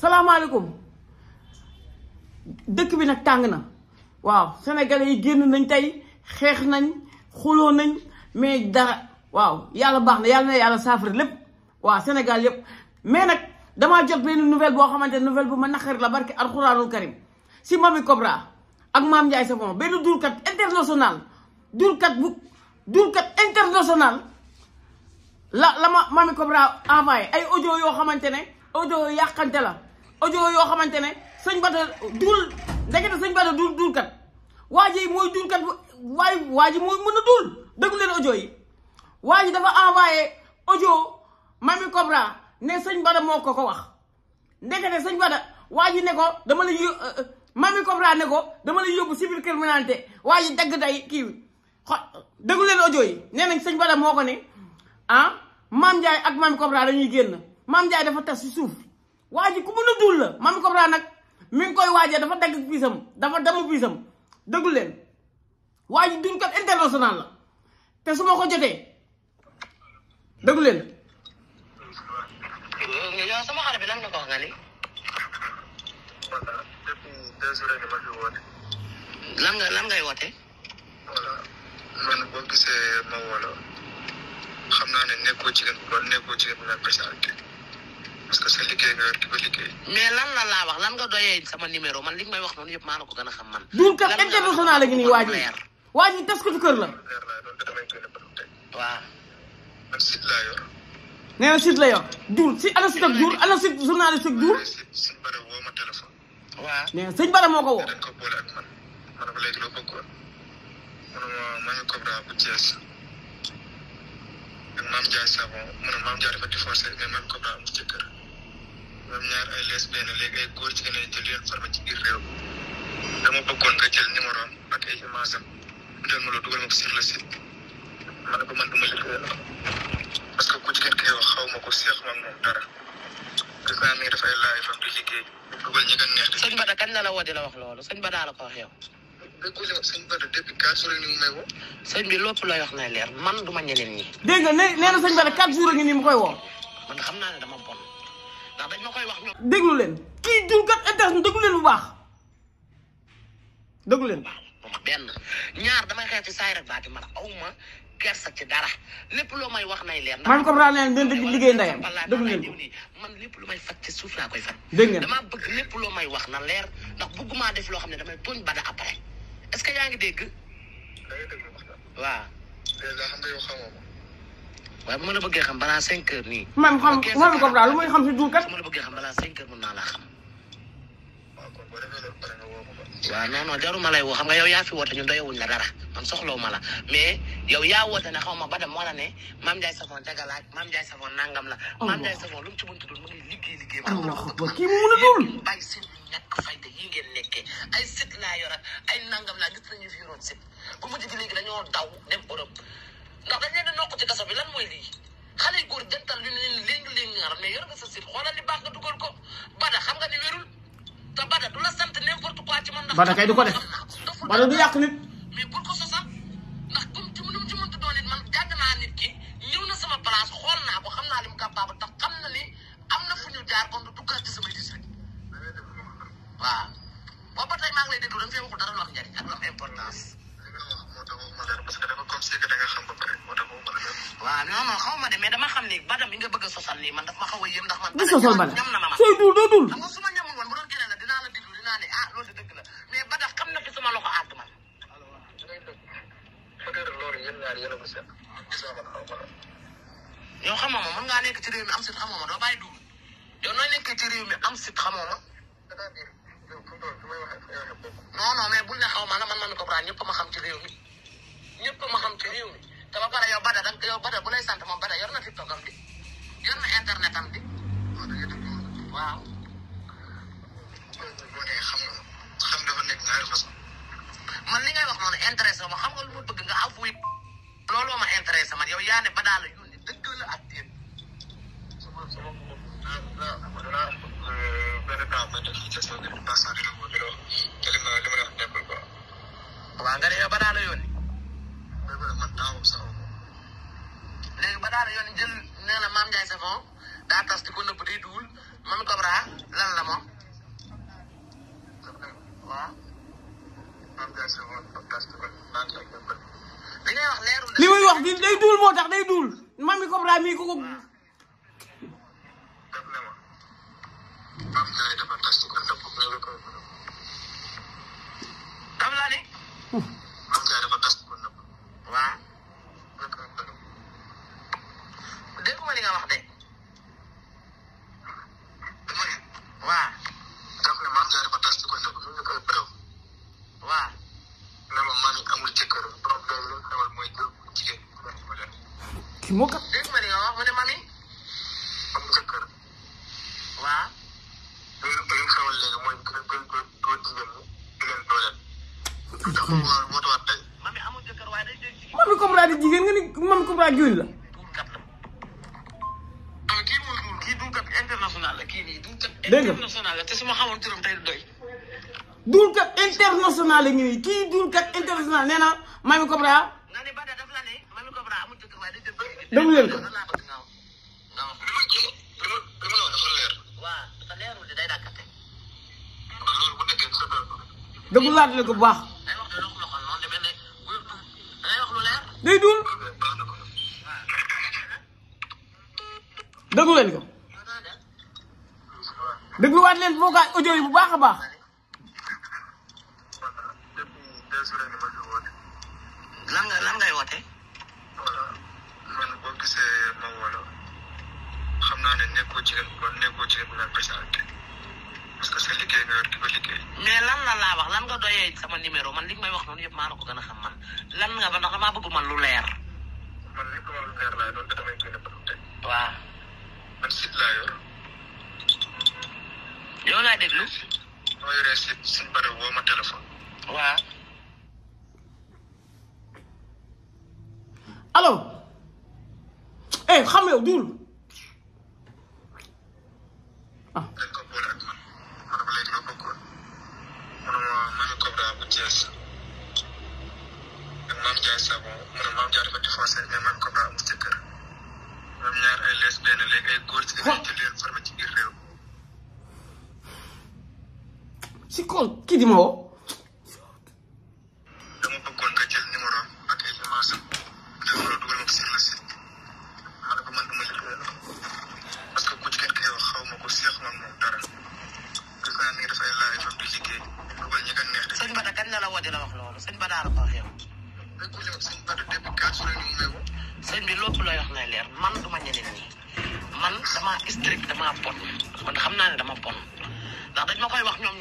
salaamaaleykum dëkk bi nag tàng na waaw sénégalais yi génn nañ tey xeex nañ xuloo nañ mais dara waaw yàlla baax na yàlla na yàlla saafara lépp waaw Sénégal yépp mais nag damaa jot benn nouvelle boo xamante ne nouvelle bu ma naqari la barki alxuraanul karim si Mamy Cobra ak Mame Ndiaye Savon benn dulkat international dulkat bu dulkat international la la ma Mamy Cobra envoyé ay ojo yoo xamante ne audio yàqante la audio yoo xamante ne sëñ Bada duul ndekete sëñ Bada duul duulkat waa ji mooy duulkat waay waa ji mooy mën a duul déglu leen audio yi waa ji dafa envoyé audio Mamy Cobra ne sëñ Bada moo ko ko sëñ Bada waa ji ne ko dama la yó euh, euh, Mamy Cobra ne ko dama la yóbbu cybercriminalité waa ji dagg day kii bi xo leen audio yi nee nañ sëñ Bada moo ko ne ah Mame Ndiaye ak Mamy Cobra dañuy génn Mame Ndiaye dafa tas si suuf. waa ji ku mën a duul la Mamy Cobra nag mi ngi koy waajee dafa dagg piisam dafa damu piisam déglu leen waa kat international la te su ma ko jotee déglu leen. bi lan nga ko wax nga li lan nga lan ngay woote. voilà man boo gisee ma wala xam naa ne nekkoo jigéen bu ba nekkoo jigéen bu la parce que sa nga mais lan la laa wax lan nga doyee sama numéro man li nga may wax noonu yëpp maa la ko gën a xam man. lan la kat international nii waa ji tas ko ci kër la. waaw. man site laa ana site ak duur ana site Bara woo ma téléphone. waaw Bara moo ko ñoom a ay lesbiennes léegi ay a jigéen lañ jël leen bëggoon nga jël ma ma ko wax xaw ma ko seex ma moom dara gis naa la la woo wax loolu ko wax yow dégg nga may woo sëñ bi lépp looy wax na leer man du ma ñeneen ñi dégg nga nee na sëñ Bada quatre jours a ngi nii mu koy woo man xam naa ne dama bon dañ ma koy wax ñoom. déglu leen kii dulkat internet déglu leen bu baax déglu ñaar damay xeex ci saa yi rek baati man aw ma kersa ci dara lépp loo may wax nay leer. man comprendre leen dégg dégg liggéey ndeyam déglu leen man lépp lu may faj ci suuf laa koy faj. dégg ngeen damaa bëgg lépp loo may wax na leer ndax bëgguma def loo xam ne damay tooñ bada après est-ce que yaa ngi dégg. waaw. Eh, dèjà xam nga waaye bu ma la bëggee xam balaa cinq heures nii. man xam man comme daal xam si duur kat. bu ma la bëggee xam balaa cinq heures mën naa laa xam. waaw non non jaruma lay woo xam nga yow yaa fi woote ñun doyewuñ la dara man soxlawu ma la mais yow yaa woote ne xaw ma ba moo la ne maam Ndiaye Savon dagalaaj maam Ndiaye Savon nangam la. maam lu mu ci mënti doon mu ngi na ko kii mu mun a dul seen ñàkk fayda ay sët laa yor ay nangam laa gis nañu fi yoroon sët bu mujj gi dañoo daw dem Europe. ndax dañ leen ci kaso bi lan mooy lii xale góor jantal ñu leen léng ngar mais yor nga sa sit xoolal li baax nga ko bada xam nga ni wérul te bada du la sant n'importe quoi ci man ndax bada kay du ko def bada du yak nit mais pour ko sosal ndax kum ci mënum ci mënta do nit man gadd na nit ki ñew na sama place xol na ko xam naa li mu capable tax xam na ni amna na fu ñu jaar kon du duggaat ci sama gis rek waaw ba tay ma ngi lay déglu da nga fee dara lu wax njariñ ak lu importance Mereka makan xam ne badam mi nga bëgg a sosal nii man daf ma xaw a yëm ndax man. du sosal badam ñam na ma ma. sooy dul doo dul. xam ah loolu dëgg la mais badam xam na fi sama loxo àdd man. yow xamoo ma mën ngaa nekk ci réew mi am sit xamoo ma doo bàyyi dugg yow nooy nekk ci réew mi am sit xamoo ma. non non mais buñ ne xaw ma la man man ko braan ñëpp ma xam ci réew mi ñëpp ma xam ci réew Dè yi doul motak, dè yi doul. Mami kop rami, kop ah. rami. Dè mè mè. Mami fè yi dè patastik an, dè mè. Kam la ni? Oof. kii moo kat. dégg ma li nga wax mu ne mami. am jëkkër. waaw. loolu ba leen xewal léegi mooy gën a gën a góor jigéen ñi di leen dooleel. moo tax tey. mami amul jëkkër waaye day dégg jigéen. mami Cobra di jigéen nga ni mami Cobra jooy la. kii moom kii duulkat international la kii nii duulkat international la te su ma xamoon turam tey doy. duulkat international la ñu nii kii duulkat international nee na mami Cobra. dem leen ko. dëgg laa dina ko baax. leen ko. dégluwaat leen bu baax a baax. mais lan la laa wax lan nga doyee sama numéro man li nga may wax noonu yëpp la ko gën a xam man lan nga ba ndax damaa bëgg man lu leer. man lépp man lu leer laay doon te damay gën a bëgg tey. waaw. man site laa yor. yow laa déglu. noo eh, xam nga yow duul Thiès ak Mame Ndiaye Savon mu ne Mame Ndiaye dafa divorcé mais Mame Cobra amul ci kër ñoom ñaar ay lesbienne léegi ay góor ci lañ jël leen formé ci biir si kon kii di ma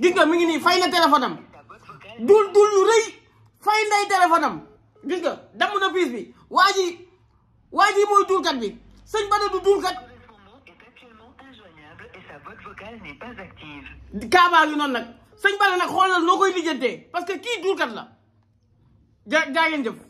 gis nga mi ngi nii fay na téléphone am dul dul lu rëy fay nday téléphone am gis na piis bi waa ji waa ji mooy bi sëñ Bada du dulkat kaabaa ngi noonu nag sëñ Bada nag xoolal noo koy lijjantee parce que kat dulkat la ja jaa jëf